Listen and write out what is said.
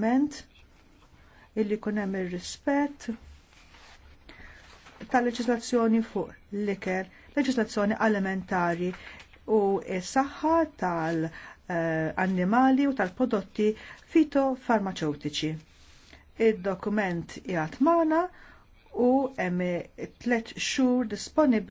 ment illi kunem il-rispet tal-leġislazzjoni fuq l-iker, leġislazzjoni alimentari u s-saħħa tal-annimali u tal-prodotti fitofarmaceutiċi. Id-dokument jgħat mana u hemm tlet xhur disponibbli